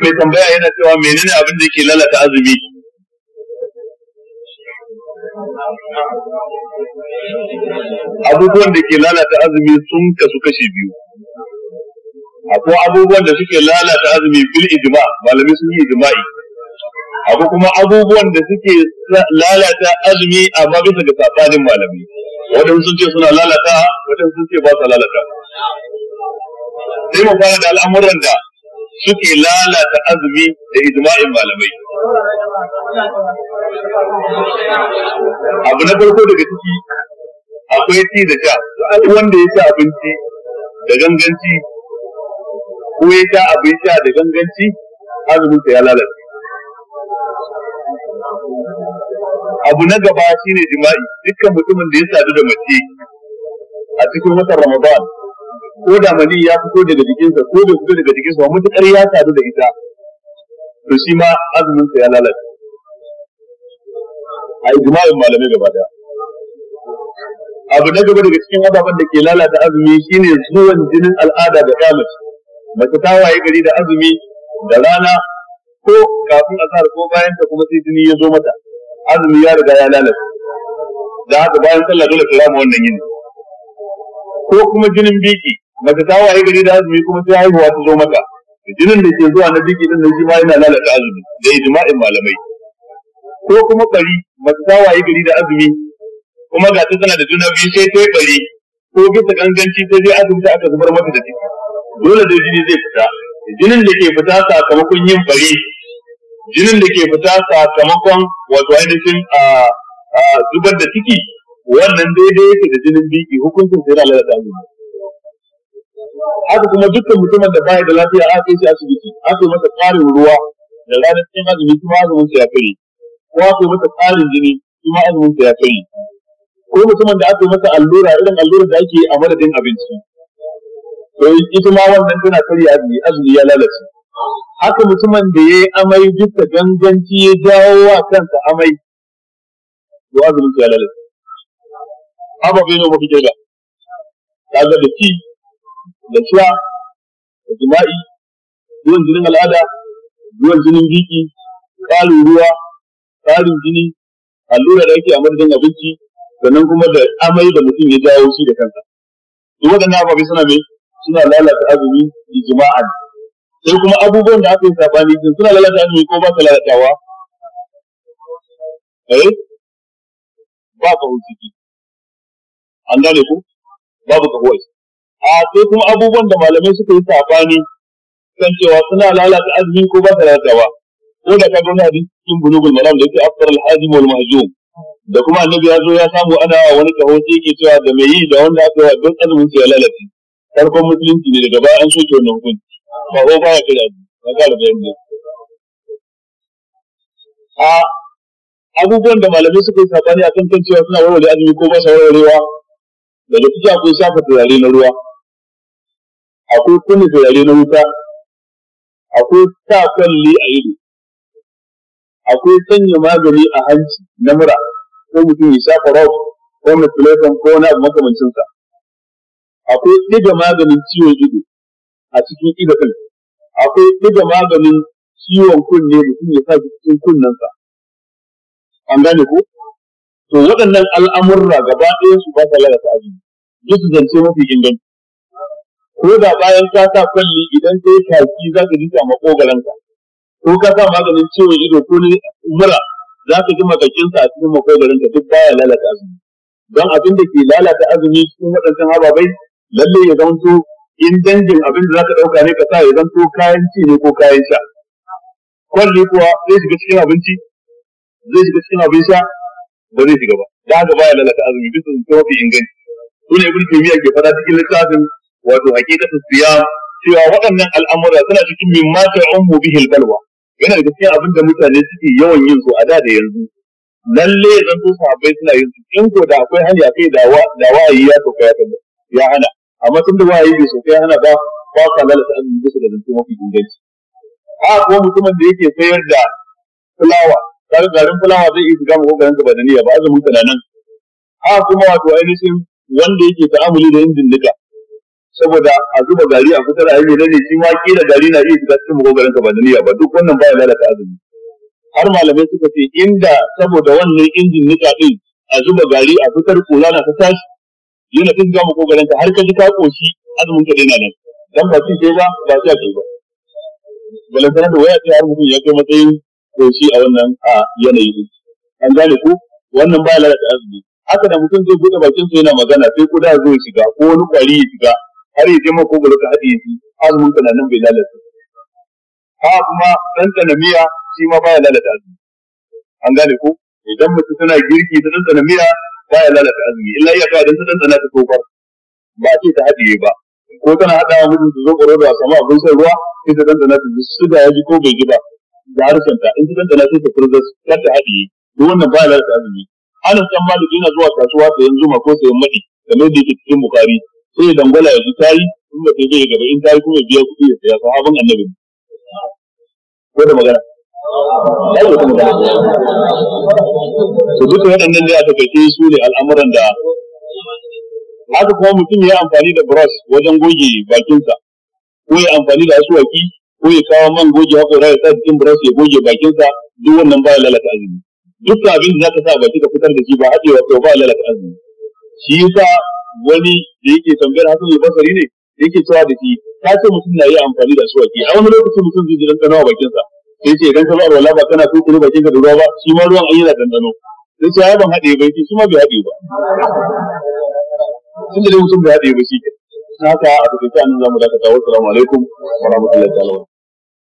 mai tambaya yana cewa menene abin da ke lalata azumi abubuwan da ke lalata azumi sun kasu kashi biyu akwai abubuwan da suke lalata azumi bil ijma malamai sun yi ijma'i akwai kuma abubuwan da suke lalata azumi amma bisa ga sabanin malami wadansu sun ce suna lalata wadansu sun ce ba su lalata sai mu fara da al'amuran da suke lalata azumi da ijma'in malamai abu na farko daga ciki akwai ci da sha wanda ya sha abinci da ganganci ko ya sha abin sha da ganganci azuminsa ya lalace abu na gaba shine jima'i dukkan mutumin da ya sadu da mace a cikin watan ramadan ko da mani ya fito daga jikinsa ko da fito daga jikinsa wa mutukar ya sadu da ita to shi ma azuminsa ya lalace a jima'in malamai gaba bada. abu na gaba daga cikin ababen da ke lalata azumi shine zuwan jinin al'ada da kyamace mace ta waye gari da azumi da rana ko kafin asar ko bayan ta kuma sai jini ya zo mata azumi ya riga ya lalace da haka bayan sallah dole ta wannan yini ko kuma jinin biki mace ta waye gari da azumi kuma sai haihuwa ta zo mata jinin da ke zuwa na jiki din da shi ma yana lalata azumi da ijma'in malamai ko kuma bari mace ta waye gari da azumi kuma ga ta tana da juna biyu sai ta bari ko bisa ganganci sai dai azumta aka zubar mata da ciki, dole da jini zai fita jinin da ke fita sakamakon yin bari jinin da ke fita sakamakon wato ainihin a zubar da ciki wannan daidai yake da jinin biki hukuncin sai da lalata azumi haka kuma dukkan mutumin da baya da lafiya a kai shi asibiti aka yi masa ƙarin ruwa da ranar cikin azumi kuma azumin sa ya kai ko aka yi masa ƙarin jini kuma azumin sa ya kai ko mutumin da aka yi masa allura irin allura da ake a madadin abinci to ita ma wannan tana karya azumi azumi ya lalace haka mutumin da ya yi amai dukkan ganganci ya jawo wa kansa amai to azumin sa ya lalace bai ne mafi kirga kaga da ci lafiya da jima'i zuwan jinin al'ada zuwan jinin biki ƙarin ruwa ƙarin jini allura da ake a madadin abinci sannan kuma da amai da mutum ya jawo shi da kansa duk waɗannan abubuwa suna mai suna lalata azumi ijma'an sai kuma abubuwan da aka yi sabani sun suna lalata azumi ko ba su lalatawa eh ba ka hujji an gane ku babu ka huwaci a sai kuma abubuwan da malamai suka yi sabani kan cewa suna lalata azumi ko ba su lalata ba ko da ka gani da cikin bulugul maram da yake afkar al wal mahjum da kuma annabi ya zo ya samu ana wani kaho yake cewa da mai yi da wanda aka yi don azumin ya lalace farkon musulunci ne daga baya an soke wannan hukunci ba ko ba ya kai ba ga da yanzu a abubuwan da malamai suka yi sabani a kan cewa suna warware azumi ko ba sa warwarewa daga cikin akwai shafa turare na ruwa akwai kunna turare na wuta akwai sa kwalli a ido akwai sanya magani a hanci na mura ko mutum ya shafa rauf ko mutulatan ko wani abu makamancin sa akwai ɗiga maganin ciwon ido a cikin ido ɗin akwai ɗiga maganin ciwon kunne mutum ya sa cikin kunnensa an gane ko to waɗannan al'amurra gaba ɗaya su ba ta lalata azumi duk zance mafi inganci ko da bayan ka sa kwalli idan ka yi kaki za ka ji makogalanka ko ka sa maganin ciwon ido ko mura za ka ji makakinsa a cikin makogalanka duk baya lalata azumi don abin da ke lalata azumi cikin waɗancan ababai lalle ya zanto in dangin abin da za ka ɗauka ne ka sa ya zanto kayan ci ne ko kayan sha kwalli kuwa zai shiga cikin abinci zai shiga cikin abin sha ba zai shiga ba da haka baya lalata azumi bisa zuwa mafi inganci sune ibn miya ke faɗa cikin littafin wato ta siyam cewa waɗannan al'amura suna cikin mimma ta'ummu bihil balwa yana da cikin abin da mutane suke yawan yin su a da da yanzu lalle zan so sahabbai suna yin su in ko da akwai hanya kai da wa'ayi ya sauka ya ya hana amma tun da wa'ayi bai sauka ya hana ba ba ka lalata an yi su da zance mafi inganci a ko mutumin da yake sayar da fulawa kaga garin fulawa zai iya shiga mako garin ba da niyya ba azumin ta nan a kuma wato ainihin wanda yake ta'amuli da injin nika saboda a zuba gari a kusa a yi da ne shi ma kila gari na iya shiga cikin magogarin ka ba da niyya ba duk wannan baya lalata azumi har malamai suka ce inda saboda wannan injin nika din a zuba gari a fitar kula na ta tashi yana kin ga magogarin ka har ka ji ka koshi azumin ka daina nan dan ba shi ba ba shi ake ba sanar da waya ce har mutum ya kai matsayin koshi a wannan a yanayi an gane ku wannan baya lalata azumi haka da mutum zai buɗe bakin sa yana magana sai kuda zai shiga ko wani kwari ya shiga har ya ko makogoro ka haɗe shi azumin ka nan bai lalata ha kuma ɗanɗana miya shi ma baya lalata azumi an gane ko idan mutum tana girki ta ɗanɗana miya baya lalata azumi illa iya ka idan ta ɗanɗana ta tofar ba ce ta haɗiye ba ko tana hada mijin ta zo ƙoro da sama abin shan ruwa sai ta ɗanɗana ta ji suga ya ji ko bai ji ba da harshen ta in ta ɗanɗana sai ta furgas kar ta haɗiye duk wannan baya lalata azumi Anas ba da yana zuwa kasuwa yanzu ma ko sayan maɗi kamar da yake cikin mukari. sai dangwala yanzu ta yi in ba ta zai gaba in ta yi kuma biya kuɗi ya saya abin annabi ko da magana su duka waɗannan ne a kai su ne al'amuran da haka kuma mutum ya amfani da brush wajen goge bakinsa ko ya amfani da asuwaki ko ya kawo man goge haƙora ya sa jikin brush ya goge bakinsa duk wannan baya lalata azumi duk abin da ka sa baki ka fitar da shi ba haɗewa ko ba lalata azumi shi yasa wani da yake tambayar hasan al-basri ne da yake cewa da shi ta ce mutum na yi amfani da su a wani lokacin mutum zai ji dan a bakin sa sai ce idan ka zo alwala ba kana tukuru bakin ka da ruwa ba shi ma ruwan an yana dandano sai ce ya ban haɗe ba shi ma bai haɗe ba tun da mutum bai haɗe ba shi haka a tafiya nan za mu dakata wasu assalamu alaikum wa rahmatullahi ta'ala